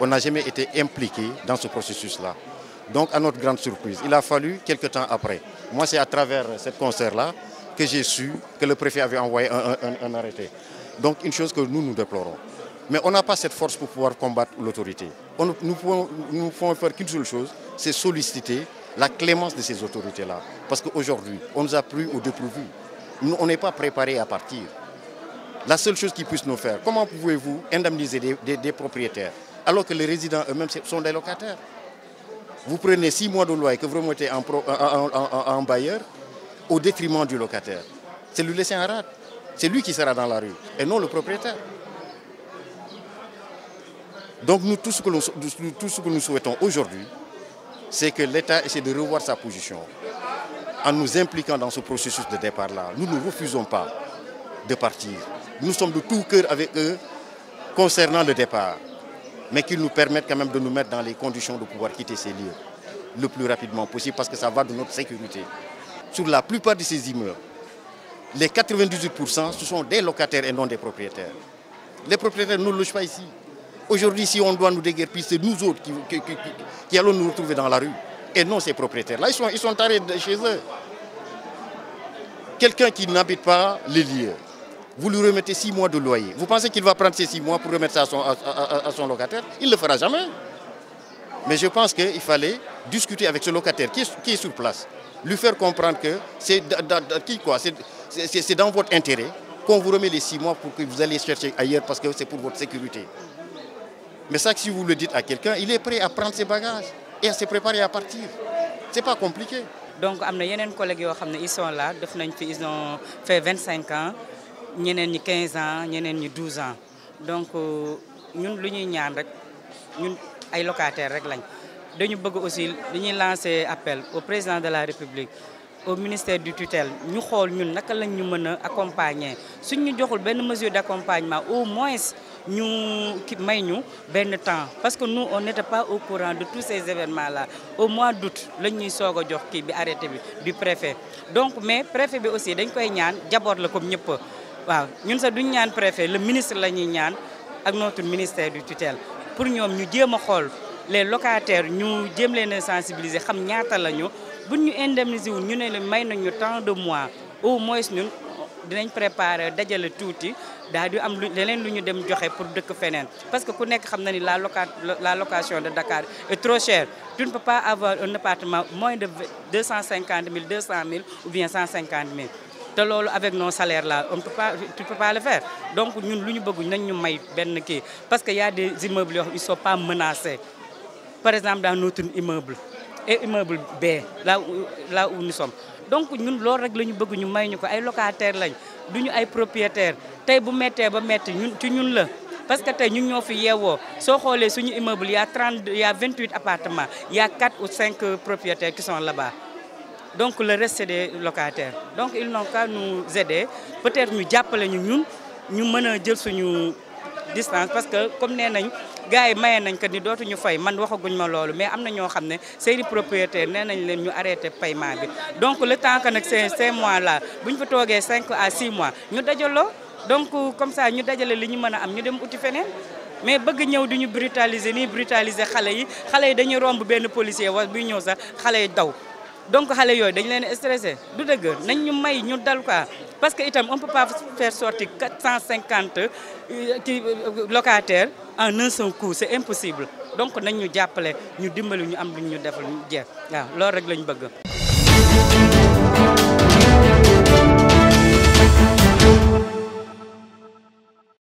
on n'a jamais été impliqué dans ce processus-là. Donc, à notre grande surprise, il a fallu quelques temps après. Moi, c'est à travers ce concert-là que j'ai su que le préfet avait envoyé un, arrêté. Donc, une chose que nous, nous déplorons. Mais on n'a pas cette force pour pouvoir combattre l'autorité. Nous, ne pouvons faire qu'une seule chose, c'est solliciter la clémence de ces autorités-là. Parce qu'aujourd'hui, on nous a plus au dépourvu. on n'est pas préparé à partir. La seule chose qui puisse nous faire, comment pouvez-vous indemniser des propriétaires alors que les résidents eux-mêmes sont des locataires. Vous prenez six mois de et que vous remettez en, bailleur au détriment du locataire. C'est lui laisser un rate. C'est lui qui sera dans la rue et non le propriétaire. Donc nous, tout ce que nous, tout ce que nous souhaitons aujourd'hui, c'est que l'État essaie de revoir sa position en nous impliquant dans ce processus de départ-là. Nous ne refusons pas de partir. Nous sommes de tout cœur avec eux concernant le départ mais qui nous permettent quand même de nous mettre dans les conditions de pouvoir quitter ces lieux le plus rapidement possible parce que ça va de notre sécurité. Sur la plupart de ces immeubles, les 98% ce sont des locataires et non des propriétaires. Les propriétaires ne logent pas ici. Aujourd'hui, si on doit nous déguerpir, c'est nous autres qui, allons nous retrouver dans la rue. Et non ces propriétaires-là, ils sont, ils sont tarés chez eux. Quelqu'un qui n'habite pas les lieux, vous lui remettez six mois de loyer. Vous pensez qu'il va prendre ces six mois pour remettre ça à son, locataire Il ne le fera jamais. Mais je pense qu'il fallait discuter avec ce locataire qui est, sur place, lui faire comprendre que c'est dans votre intérêt qu'on vous remet les six mois pour que vous allez chercher ailleurs parce que c'est pour votre sécurité. Mais ça, si vous le dites à quelqu'un, il est prêt à prendre ses bagages et à se préparer à partir. Ce n'est pas compliqué. Donc, il y a des collègues qui sont là, ils ont fait 25 ans. Nous ñi 15 ans nous ñi 12 ans donc euh, ñun lu ñaan rek ñun ay locataires rek lañ dañu bëgg aussi dañuy lancer appel au président de la République au ministère du tutelle Nous xool ñun naka lañ ñu mën accompagner suñ ñu joxul benn mesure d'accompagnement au moins nous avons may ñu temps parce que nous on n'était pas au courant de tous ces événements là au mois d'août nous ñuy soog arrêté bi du préfet donc mais préfet bi aussi dañ koy ñaan jaboot la comme ñëpp nous sommes sax le ministre la ministère du tutelle pour nous, les locataires nous sensibilisés, nous a sensibiliser xam ñaata lañu en ñu de nous tant de mois au moins ñun dinañ préparé dajale tuuti pour nous parce que la location de Dakar est trop chère, tu ne peux pas avoir un appartement moins de 250 000 200 000 ou bien 150 000 avec nos salaires là on peut pas peux pas le faire donc nous, devons ñu bëgg ñu may parce qu'il y a des immeubles qui ne sont pas menacés par exemple dans notre immeuble et immeuble B là où, nous sommes donc nous, loolu rek la ñu bëgg ñu may locataires lañ propriétaires tey bu ba metti ñun ci ñun parce que nous ñun ñoo fi yeewoo soo suñu immeuble y a y a 28 appartements il y a 4 ou 5 propriétaires qui sont là-bas donc le reste des locataires donc ils n'ont qu'à nous aider peut-être nous jàppale ñu ñun ñu mën a jël suñu distance parce que comme nee nañ gars yi maye nañ kat ni dootuñu fay man waxaguñ ma loolu mais am na ñoo xam ne seeni propriétaire nee nañ leen ñu arrêté paiement bi donc le temps que nag ces cinq mois là bu ñu fa toogee cinq à 6 mois ñu dajaloo donc comme ça ñu dajale li ñu mën a am ñu dem uti feneen mais bëgg ñëw duñu brutaliser ni brutaliser xalé yi xalé yi dañuy romb ben policier wa buy ñëw sax xalé yi daw donc xale yooyu dañu leen stressé du dëgg nañ ñu may ñu dal quoi parce que itam on peut pas faire sortir quatre cent cinquante euh, kii euh, locataires en un seul coup c'est impossible donc nañ ñu jàppale ñu dimbali ñu am lu ñu defal ñu jeex waaw loolu rek lañ bëgg.